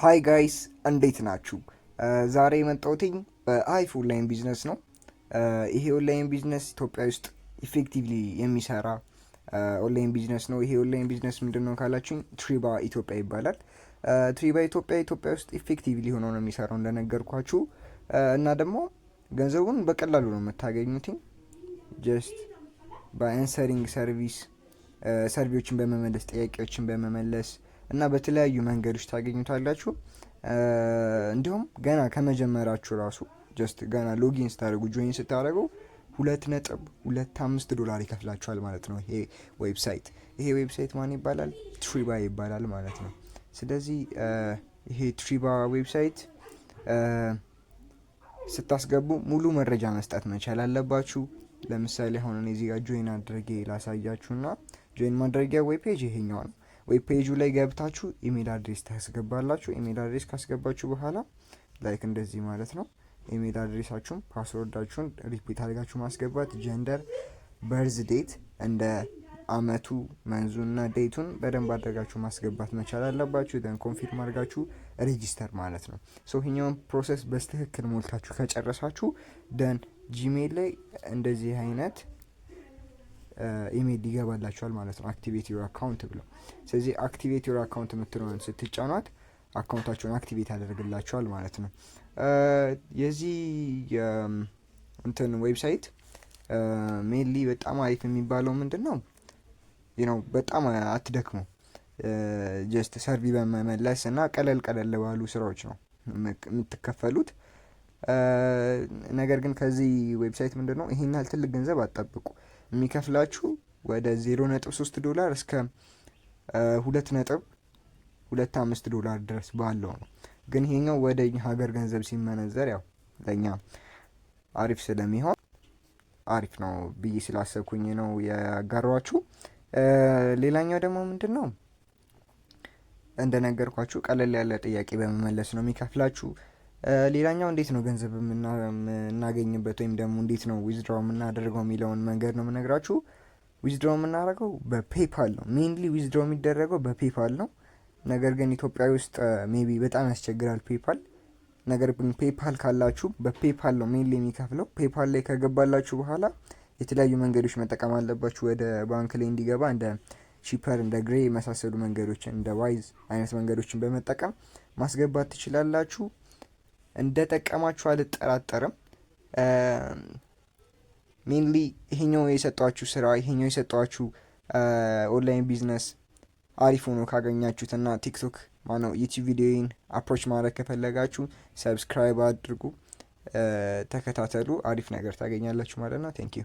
ሃይ ጋይስ እንዴት ናችሁ? ዛሬ የመጣሁትኝ በአይፍ ኦንላይን ቢዝነስ ነው። ይሄ ኦንላይን ቢዝነስ ኢትዮጵያ ውስጥ ኢፌክቲቭሊ የሚሰራ ኦንላይን ቢዝነስ ነው። ይሄ ኦንላይን ቢዝነስ ምንድን ነው ካላችሁኝ ትሪባ ኢትዮጵያ ይባላል። ትሪባ ኢትዮጵያ ኢትዮጵያ ውስጥ ኢፌክቲቭሊ ሆኖ ነው የሚሰራው እንደነገርኳችሁ እና ደግሞ ገንዘቡን በቀላሉ ነው የምታገኙትኝ ጀስት በአንሰሪንግ ሰርቪስ ሰርቪዎችን በመመለስ ጥያቄዎችን በመመለስ እና በተለያዩ መንገዶች ታገኙታላችሁ። እንዲሁም ገና ከመጀመራችሁ ራሱ ጀስት ገና ሎጊን ስታደርጉ ጆይን ስታደርጉ ሁለት ነጥብ ሁለት አምስት ዶላር ይከፍላችኋል ማለት ነው ይሄ ዌብሳይት ይሄ ዌብሳይት ማን ይባላል ትሪባ ይባላል ማለት ነው ስለዚህ ይሄ ትሪባ ዌብሳይት ስታስገቡ ሙሉ መረጃ መስጠት መቻል አለባችሁ ለምሳሌ አሁን እኔ እዚህ ጋር ጆይን አድርጌ ላሳያችሁና ጆይን ማድረጊያ ዌብ ፔጅ ይሄኛው ነው ወይ ፔጁ ላይ ገብታችሁ ኢሜል አድሬስ ታስገባላችሁ። ኢሜል አድሬስ ካስገባችሁ በኋላ ላይክ እንደዚህ ማለት ነው። ኢሜል አድሬሳችሁን ፓስወርዳችሁን ሪፒት አድርጋችሁ ማስገባት፣ ጀንደር፣ በርዝ ዴት እንደ አመቱ መንዙና ዴቱን በደንብ አድርጋችሁ ማስገባት መቻል አለባችሁ። ደን ኮንፊርም አድርጋችሁ ሬጂስተር ማለት ነው። ሶ ይህኛውን ፕሮሰስ በስትክክል ሞልታችሁ ከጨረሳችሁ ደን ጂሜል ላይ እንደዚህ አይነት ኢሜል ይገባላችኋል ማለት ነው። አክቲቬት ዩር አካውንት ብለው። ስለዚህ አክቲቬት ዩር አካውንት የምትለውን ስትጫኗት አካውንታችሁን አክቲቬት ያደርግላችኋል ማለት ነው። የዚህ እንትን ዌብሳይት ሜንሊ በጣም አሪፍ የሚባለው ምንድን ነው ነው በጣም አትደክመው ጀስት ሰርቪ በመመለስ እና ቀለል ቀለል ባሉ ስራዎች ነው የምትከፈሉት። ነገር ግን ከዚህ ዌብሳይት ምንድን ነው ይሄን ያህል ትልቅ ገንዘብ አትጠብቁ። የሚከፍላችሁ ወደ 0.3 ዶላር እስከ 2.25 ዶላር ድረስ ባለው ነው። ግን ይሄኛው ወደ ሀገር ገንዘብ ሲመነዘር ያው ለኛ አሪፍ ስለሚሆን አሪፍ ነው ብዬ ስላሰብኩኝ ነው ያጋሯችሁ። ሌላኛው ደግሞ ምንድን ነው እንደነገርኳችሁ ቀለል ያለ ጥያቄ በመመለስ ነው የሚከፍላችሁ። ሌላኛው እንዴት ነው ገንዘብ የምናገኝበት ወይም ደግሞ እንዴት ነው ዊዝድሮ የምናደርገው የሚለውን መንገድ ነው የምነግራችሁ። ዊዝድሮ የምናደርገው በፔፓል ነው። ሜንሊ ዊዝድሮ የሚደረገው በፔፓል ነው። ነገር ግን ኢትዮጵያ ውስጥ ሜቢ በጣም ያስቸግራል ፔፓል። ነገር ግን ፔፓል ካላችሁ በፔፓል ነው ሜንሊ የሚከፍለው። ፔፓል ላይ ከገባላችሁ በኋላ የተለያዩ መንገዶች መጠቀም አለባችሁ ወደ ባንክ ላይ እንዲገባ፣ እንደ ቺፐር፣ እንደ ግሬ የመሳሰሉ መንገዶችን እንደ ዋይዝ አይነት መንገዶችን በመጠቀም ማስገባት ትችላላችሁ። እንደጠቀማችሁ አልጠራጠርም። ሜንሊ ይሄኛው የሰጧችሁ ስራ ይሄኛው የሰጧችሁ ኦንላይን ቢዝነስ አሪፍ ሆኖ ካገኛችሁት እና ቲክቶክ ማነው ዩቲዩብ ቪዲዮን አፕሮች ማድረግ ከፈለጋችሁ ሰብስክራይብ አድርጉ፣ ተከታተሉ። አሪፍ ነገር ታገኛላችሁ ማለት ነው። ቴንክ ዩ